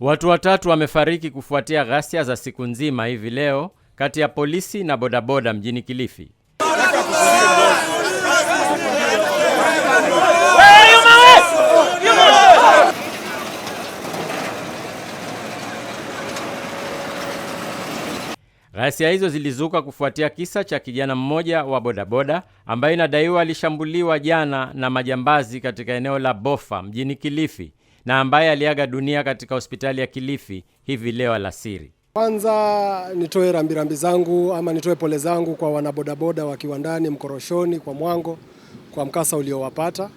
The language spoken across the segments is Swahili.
Watu watatu wamefariki kufuatia ghasia za siku nzima hivi leo kati ya polisi na bodaboda mjini Kilifi. Ghasia hizo zilizuka kufuatia kisa cha kijana mmoja wa bodaboda ambaye inadaiwa alishambuliwa jana na majambazi katika eneo la Bofa mjini Kilifi na ambaye aliaga dunia katika hospitali ya Kilifi hivi leo alasiri. Kwanza nitoe rambirambi zangu ama nitoe pole zangu kwa wanabodaboda wa Kiwandani, Mkoroshoni, kwa Mwango kwa mkasa uliowapata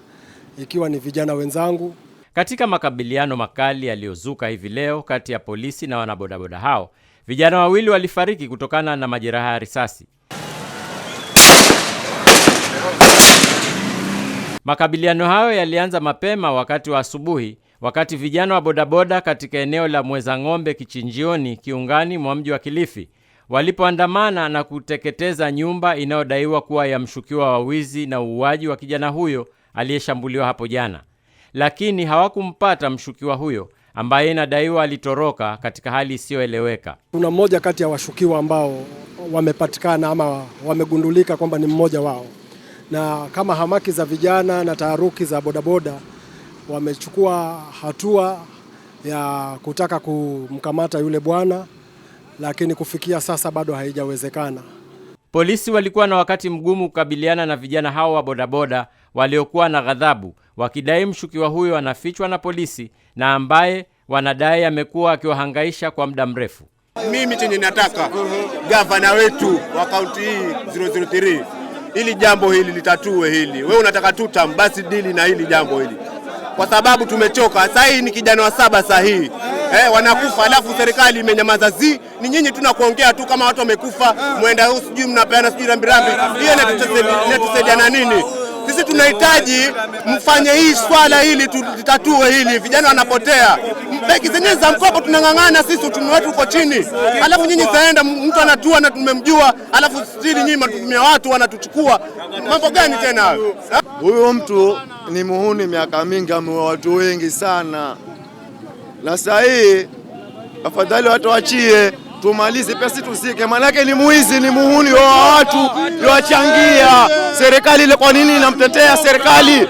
ikiwa ni vijana wenzangu. Katika makabiliano makali yaliyozuka hivi leo kati ya polisi na wanabodaboda hao Vijana wawili walifariki kutokana na majeraha ya risasi. Makabiliano hayo yalianza mapema wakati wa asubuhi, wakati vijana wa bodaboda katika eneo la Mweza Ng'ombe Kichinjioni, kiungani mwa mji wa Kilifi, walipoandamana na kuteketeza nyumba inayodaiwa kuwa ya mshukiwa wa wizi na uuaji wa kijana huyo aliyeshambuliwa hapo jana, lakini hawakumpata mshukiwa huyo ambaye inadaiwa alitoroka katika hali isiyoeleweka. Kuna mmoja kati ya washukiwa ambao wamepatikana ama wamegundulika kwamba ni mmoja wao, na kama hamaki za vijana na taharuki za bodaboda wamechukua hatua ya kutaka kumkamata yule bwana, lakini kufikia sasa bado haijawezekana. Polisi walikuwa na wakati mgumu kukabiliana na vijana hao wa bodaboda waliokuwa na ghadhabu, wakidai mshukiwa huyo anafichwa na polisi na ambaye wanadai amekuwa akiwahangaisha kwa muda mrefu. Mimi chenye nataka gavana wetu wa kaunti hii 003 ili jambo hili litatue hili. Wewe unataka tutam, basi dili na hili jambo hili, kwa sababu tumechoka. Saa hii ni kijana wa saba sahihi eh, wanakufa alafu serikali imenyamaza zii ni nyinyi tu na kuongea tu kama watu wamekufa, mwenda huu sijui mnapeana sijui rambirambi. Hiyo inatusaidia na nini? Sisi tunahitaji mfanye hii swala hili tutatue hili, vijana wanapotea. beki zenyewe za mkopo tunang'ang'ana sisi, uchumi wetu uko chini, alafu nyinyi zaenda mtu anatua na tumemjua, alafu stili nyinyi matumia watu wanatuchukua. Mambo gani tena Huyu mtu ni muhuni, miaka mingi ameua watu wengi sana, na saa hii afadhali watu wachie tumalize pesa tusike, manake ni muizi, ni muhuni wa watu yowachangia serikali ile. Kwa nini inamtetea serikali?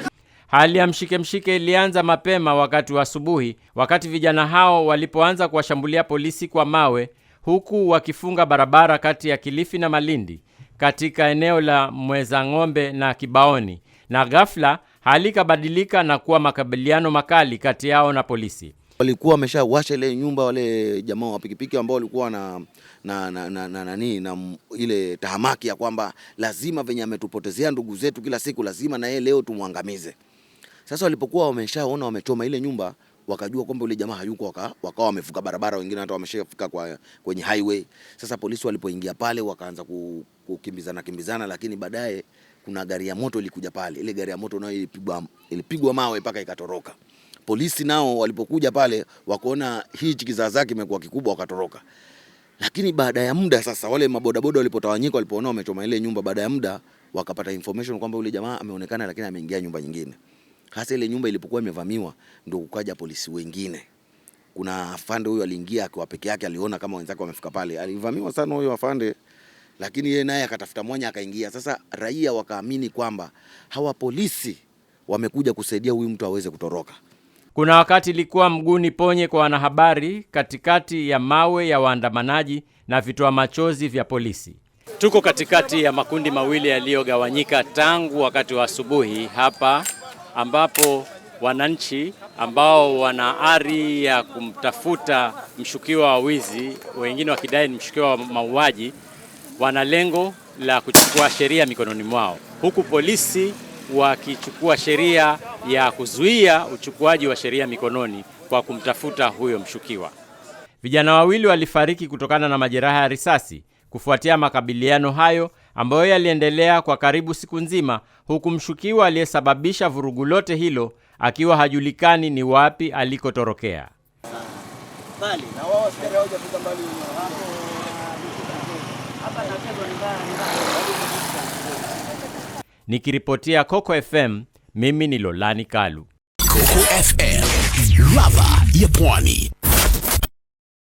Hali ya mshike mshike ilianza mapema wakati wa asubuhi, wakati vijana hao walipoanza kuwashambulia polisi kwa mawe, huku wakifunga barabara kati ya Kilifi na Malindi katika eneo la Mweza Ng'ombe na Kibaoni, na ghafla hali ikabadilika na kuwa makabiliano makali kati yao na polisi walikuwa wameshawasha ile nyumba wale jamaa wa pikipiki ambao walikuwa na na na, na, na, na, na ile tahamaki ya kwamba lazima venye ametupotezea ndugu zetu kila siku, lazima na yeye leo tumwangamize. Sasa walipokuwa wameshaona wamechoma ile nyumba, wakajua kwamba yule jamaa hayuko, wakawa wamefuka wamevuka barabara, wengine hata wameshafika kwa kwenye highway. Sasa polisi walipoingia pale wakaanza kukimbizana kimbizana, lakini baadaye kuna gari ya moto ilikuja pale. Ile gari ya moto nayo ilipigwa ilipigwa mawe mpaka ikatoroka polisi nao walipokuja pale wakaona hichi kizaazaa kimekuwa kikubwa, wakatoroka. Lakini baada ya muda sasa, wale mabodaboda walipotawanyika, walipoona wamechoma ile nyumba, baada ya muda wakapata information kwamba yule jamaa ameonekana, lakini ameingia nyumba nyingine. Hasa ile nyumba ilipokuwa imevamiwa, ndio kukaja polisi wengine. Kuna afande huyo aliingia akiwa peke yake, aliona kama wenzake wamefika pale, alivamiwa sana huyo afande lakini yeye naye akatafuta mwanya akaingia. Sasa raia wakaamini kwamba hawa polisi wamekuja kusaidia huyu mtu aweze kutoroka. Kuna wakati ilikuwa mguni ponye kwa wanahabari, katikati ya mawe ya waandamanaji na vitoa machozi vya polisi. Tuko katikati ya makundi mawili yaliyogawanyika tangu wakati wa asubuhi hapa, ambapo wananchi ambao wana ari ya kumtafuta mshukiwa wa wizi, wengine wakidai ni mshukiwa wa mauaji, wana lengo la kuchukua sheria mikononi mwao, huku polisi wakichukua sheria ya kuzuia uchukuaji wa sheria mikononi kwa kumtafuta huyo mshukiwa. Vijana wawili walifariki kutokana na majeraha ya risasi kufuatia makabiliano hayo ambayo yaliendelea kwa karibu siku nzima, huku mshukiwa aliyesababisha vurugu lote hilo akiwa hajulikani ni wapi alikotorokea. Nikiripotia Coco FM mimi ni Lolani Kalu, Coco FM, ladha ya Pwani.